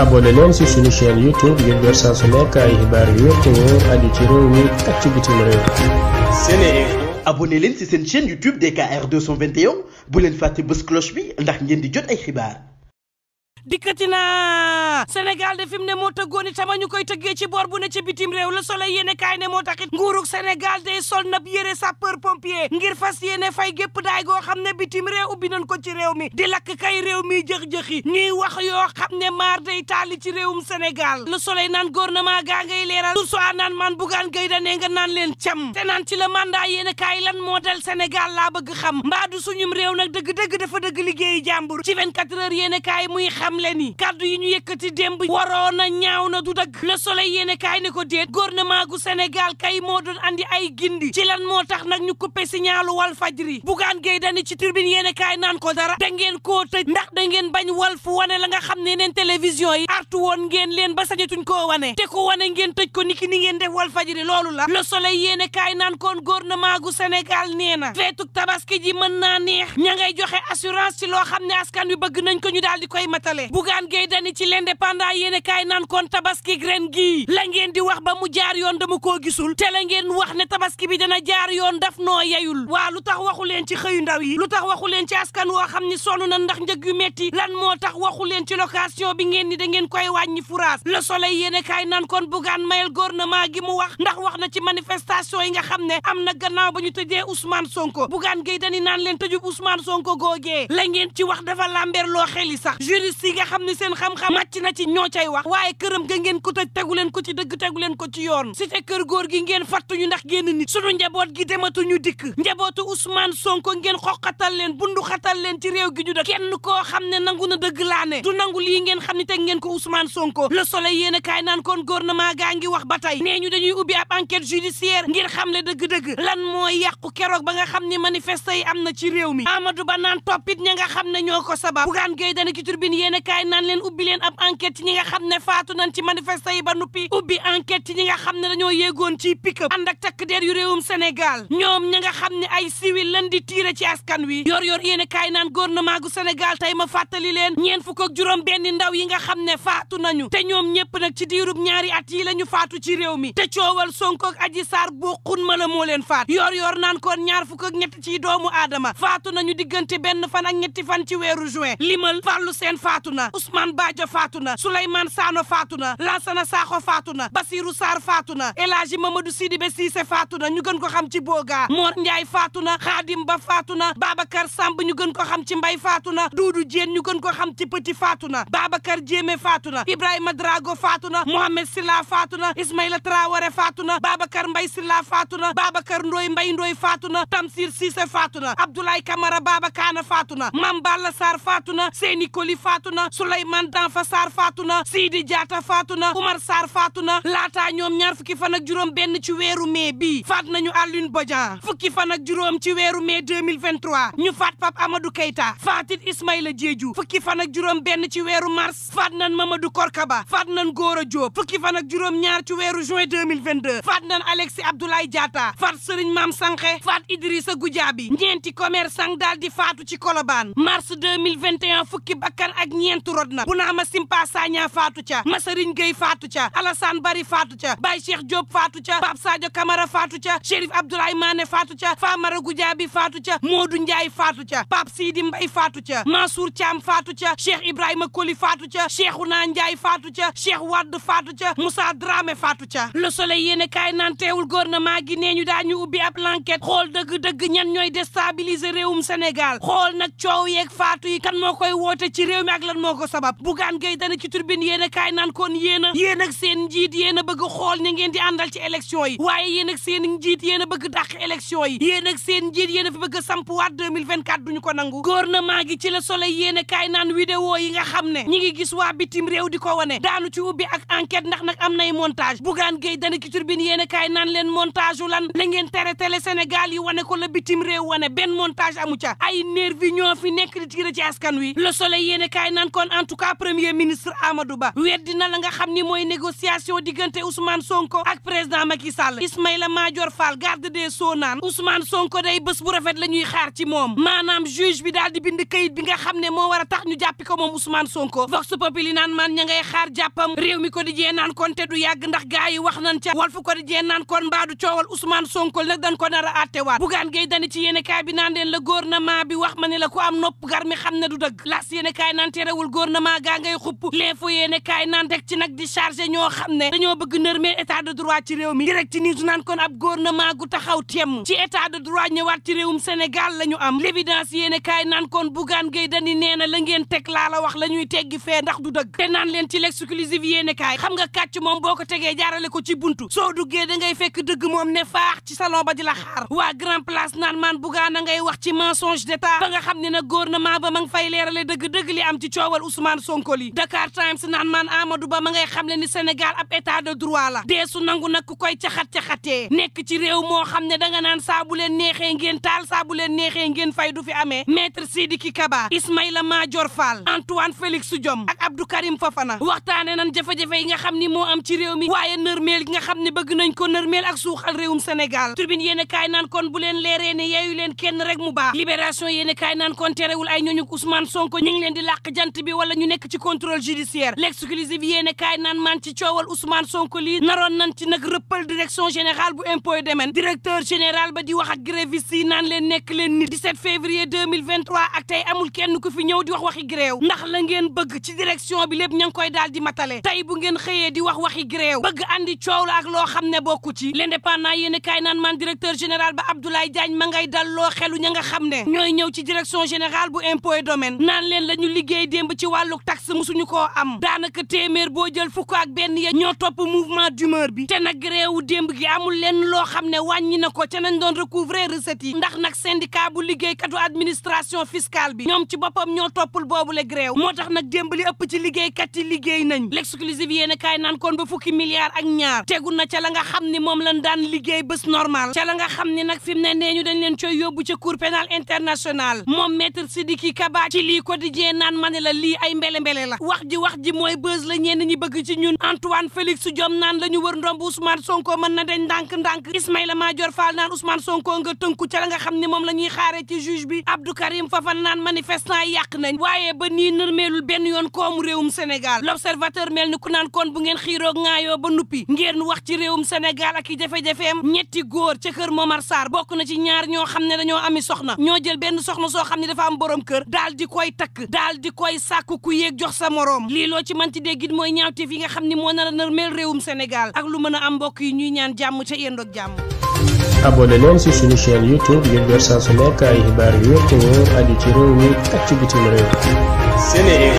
abonné leen ci suñu chaîne YouTube ngir jot saa su nekk ay xibaar yu wér te wóor aju ci réew mi ak ci bitim réew. abonné leen ci seen chaîne YouTube DKR 221 bu leen fàtte bës cloche bi ndax ngeen di jot ay xibaar. dikkati naa Sénégal de fi mu ne moo tëggoon itam ñu koy tëggee ci boor bu ne ci bitim réew Le Soleil yéene kaay ne moo taxit nguurug Sénégal day sol nab yére sapeur pompier ngir fas yéene fay gépp daay goo xam ne bitim réew ubbi nañ ko ci réew mi di lakk kay réew mi jëx-jëxi ñuy wax yoo xam ne maar day taali ci réewum Sénégal Le Soleil naan gouvernement gaa ngay leeral source a naan man bugaan gay danee nga naan leen cam te naan ci la mandat yéene kaay lan moo dal laa bëgg xam mbaa réew nag dëgg-dëgg dafa dëgg liggéeyu jàmbur ci 24 heures yéene kaay muy xamle ni kaddu yi ñu yëkkati démb waroon na ñaaw du dëgg le soleil yéene kaay ne ko déet gouvernement gu Sénégal kay moo doon andi ay gindi ci lan moo tax nag ñu coupé signalu wal fajri bugaan géey dani ci tribune yéene kaay naan ko dara da ngeen koo tëj ndax da ngeen bañ wal fu wane la nga xam ne neen télévision yi artu woon ngeen leen ba sañatuñ koo wane te ko wane ngeen tëj ko niki ni ngeen def wal fajri loolu la le soleil yéene kaay naan koon gouvernement gu Sénégal nee na feetuk tabaski ji mën naa neex ña ngay joxe assurance ci loo xam ne askan wi bëgg nañ ko ñu daal di koy jàppale Bougane Gueye Dany ci l'indépendant yéene kaay naan kon tabaski ren gii la ngeen di wax ba mu jaar yoon dama koo gisul te la ngeen wax ne tabaski bi dana jaar yoon daf noo yeyul waa lu tax waxu leen ci xëyu ndaw yi lu tax waxu leen ci askan woo xam ni sonn na ndax njëg metti lan moo tax waxu leen ci location bi ngeen ni da ngeen koy wàññi furaas le soleil yéene kaay naan kon Bougane mayel gouvernement gi mu wax ndax wax na ci manifestation yi nga xam ne am na gannaaw ba ñu tëjee Ousmane Sonko Bougane Gueye Dany naan leen tëjub Ousmane Sonko googee la ngeen yi nga xam ne seen xam-xam màcc na ci ñoo cay wax waaye këram ga ngeen ko tëj tegu leen ko ci dëgg tegu leen ko ci yoon si te kër góor gi ngeen fattuñu ndax génn nit suñu njaboot gi dematuñu dikk njabootu Ousmane Sonko ngeen xoqatal leen bundu xatal leen ci réew gi ñu dëkk kenn koo xam ne nangu na dëgg laa ne du nangu lii ngeen xam ne te ngeen ko Ousmane Sonko le soleil yéen a kaay naan na gouvernement gaa ngi wax ba tey nee ñu dañuy ubbi ab enquête judiciaire ngi xam le dëgg-dëgg lan mooy yàqu keroog ba nga xam ne manifeste am na ci réew mi Amadou Ba naan toppit ña nga xam ko sabab bugaan gay dana ci turbine yéen kaay naan leen ubbi leen ab enquête ci ñi nga xam ne faatu nañ ci manifesté yi ba nuppi ubbi enquête ci ñi nga ne dañoo yéegoon ci pick-up ànd ak takk der yu réewum Sénégal ñoom ña nga ne ay civil lan di tiire ci askan wi yor yor yéen kaay naan gouvernement gu Sénégal tey ma fàttali leen ñeen fukk ak juróom benn ndaw yi nga xam ne faatu nañu te ñoom ñépp nag ci diirub ñaari at yi la ñu faatu ci réew mi te coowal Sonko ak Adji Sarr xun ma moo leen faat yor yor naan koon ñaar fukk ak ci doomu aadama faatu nañu diggante benn fan ak ñetti ci weeru juin limal fàllu seen faatu na Ousmane Badja faatu na Souleymane Sano faatu na Lansana Sakho faatu na Basirou Sarr faatu na El Hadji Mamadou Sidibé Cissé faatu na ñu gën ko xam ci Boga Mor Ndiaye faatu na Khadim Ba faatu na Babacar Samb ñu gën ko xam ci Mbay faatu na Doudou Diène ñu gën ko xam ci Petit faatu na Babacar Diémé faatu na Ibrahima Drago faatu na Mohamed Silla faatu na Ismaïla Traoré faatu na Babacar Mbaye Silla faatu na Babacar Ndoye Mbaye Ndoye faatu na faatu na Abdoulaye Camara Baba Kana faatu na Mame Balla Sarr faatu na Seyni Koli faatu na Souleymane fa Sarr faatu na Sidi Diatta faatu na Oumar Sarr faatu na laata ñoom ñaar fukki fan ak juróom benn ci weeru mai bi faat nañu Alioune Bodian fukki fan ak juróom ci weeru mai 2023 ñu faat Pape Amadou Keita faatit Ismaïla Diédhiou fukki fan ak juróom benn ci weeru mars faat nañ Mamadou Korkaba faat nañ a Diop fukki fan ak juróom ñaar ci weeru juin 2022 faat nañ Alexis Abdoulaye Diatta faat Serigne Mame Sankhé faat Idrissa Goudiaby ñeenti commerçant daal di faatu ci Colobane mars 2021 fukki bakkan ak ñeenti rod na bu naa ma simpa saña faatu ca Masariñ Gueye faatu ca Alassane Bari faatu ca Baye Cheikh Diop faatu ca Pape Sadio Camara faatu ca Chérif Abdoulaye Mané faatu ca Famara Goudiaby faatu ca Modou Ndiaye faatu ca Pape Sidi Mbaye faatu ca Mansour Thiam faatu ca Cheikh Ibrahima Koli faatu ca Cheikhouna Ndiaye faatu ca Cheikh Wade faatu ca musa Dramé faatu ca Le Soleil kay kaay naan teewul gouvernement gi nee ñu daañu ubbi ab enquête xool dëgg-dëgg ñan ñooy déstabiliser réewum Sénégal xool nag coow yeeg faatu yi kan moo lan moo ko sabab bugaan gay dana ci turbine yéen a kaay naan kon yéen a seen njiit yéen bëgg xool ni ngeen di àndal ci élection yi waaye yéen ak seen njiit yéen a bëgg dàq élection yi yéen ak seen njiit yéen a fi bëgg a samp waat 2024 duñu ko nangu gouvernement gi ci la soleil yéen a kaay yi nga xam ne ñi gis waa bitim réew di ko wane daanu ci ubbi ak enquête ndax nag am nay montage bugaan gay dana ci turbine yéen a kaay naan leen montage lan la ngeen tere télé Sénégal yi wane ko la bitim réew wane benn montage amu ca ay nervi ñoo fi nekk di a naan kon en tout cas premier ministre Amadou Ba weddi na la nga xam ni mooy négociation diggante Ousmane Sonko ak président Macky Sall Ismaïla Madior Fall garde des Sceaux naan Ousmane Sonko day bés bu rafet la ñuy xaar ci moom maanaam juge bi daal di bind kayit bi nga xam ne moo war a tax ñu jàppi ko moom Ousmane Sonko Vox Populi naan man ña ngay xaar jàppam réew mi ko di jeenaan naan kon te du yàgg ndax gaa yi wax nañ ca Walf ko di jee naan kon mbaadu coowal Ousmane Sonko nag ko nar a àttewaat bugaan gay dani ci yéene kaay bi naan leen la gouvernement bi wax ma ne la ku am nopp gar mi xam dëgg las yéene kaay parewul gouvernement gaa ngay xupp l'info yéene kaay naan teg ci nag di chargé ñoo xam ne dañoo bëgg nërmee état de droit ci réew mi direct naan kon ab gouvernement gu taxaw temm ci état de droit ñëwaat ci réewum Sénégal la ñu am l'évidence yéene kaay naan kon Bougane Gueye Dany nee la ngeen teg laa wax la ñuy teggi fee ndax du dëgg te naan leen ci l'exclusive yéene kaay xam nga kàcc moom boo ko tegee jaarale ko ci buntu soo duggee da ngay fekk dëgg moom ne faax ci salon ba la xaar a ngay wax ci mensonge d'état ba nga xam ne nag gouvernement ba ma ngi fay leerale dëgg coowal Ousmane Sonko li Dakar Times naan maan Amadou Ba ma ngay xamle ni senegal ab état de droit la dee su nangu nag ku koy caxat-caxatee nekk ci réew moo xam ne danga naan saa bu leen neexee ngeen taal saa bu leen neexee ngeen fay du fi amee maître Sidiki Kaba Ismaïla Madior Fall Antoine Félix Diome ak Abdou Karim Fofana waxtaane nan jafe-jafe yi nga xam ni moo am ci réew mi waaye nërmeel gi nga xam ne bëgg nañ ko nërmeel ak suuxal réewum Sénégal tribune yéen kaay naan kon bu leen leeree ne yeeyu leen kenn rek mu baax libération yéen a kaay naan kon terewul ay ñooñu Ousmane Sonko ñu ngi leen di làq plainte bi wala ñu nekk ci contrôle judiciaire l'exclusive yéene kaay naan man ci coowal Ousmane Sonko lii naroon nañ ci nag rëppal direction générale bu impôt et domaine directeur général bu ngeen xëyee di wax xelu ña nga xam ñooy ñëw ci direction générale bu impôt et domaine naan leen lañu liggéey démb ci wàllu taxe musuñu koo am daanaka téeméer boo jël fukk ak benn ya ñoo top mouvement d'humeur bi ca nag réewu démb gi amul lenn loo xam ne wàññi na ko ca nañ doon recouvrer recettes yi ndax nag syndicat bu liggéeykatu administration fiscale bi ñoom ci boppam ñoo toppul boobu le gréew moo tax nag démb li ëpp ci liggéeykat yi liggéey nañ l'exclusive yéen a kaay naan kon ba fukki milliards ak ñaar tegu na ca la nga xam ni moom lan daan liggéey bés normal ca la nga xam ni nag fi mu ne nee ñu dañ leen cooy yóbbu ca cour pénal moom maître lii ay mbele mbele la wax ji wax ji mooy bës la ñenn ñi bëgg ci ñun Antoine Félix Diome naan la ñu wër ndomb Ousmane Sonko mën na dañ ndànk-ndànk Ismaïla Madior Fall naan Ousmane Sonko nga tënku ca la nga xam ne moom la ñuy xaare ci juge bi Abdou Karim Fafan naan manifestant yi yàq nañ waaye ba nii nërmeelul benn yoon koomu réewum Sénégal l'observateur mel ni ku naan kon bu ngeen xiiroo ŋaayoo ba nuppi ngeen wax ci réewum Sénégal ak i jafe-jafeem ñetti góor ca kër Momar Sarr bokk na ci ñaar ñoo xam ne dañoo ami soxna ñoo jël benn soxna soo xam ne dafa am borom kër daal di koy takk daal di sàkk ku yéeg jox sa moroom lii loo ci manti dee git mooy ñaawteef yi nga xam ni moo nar a nërmeel réewum Sénégal ak lu mën a am mbokk yi ñuy ñaan jàmm ca yendoog jàmm abonné leen ci suñu chaîne youtube ngir jot saa su nekk ay xibaar yu wér te wóor ci réew mi ak ci bitim réew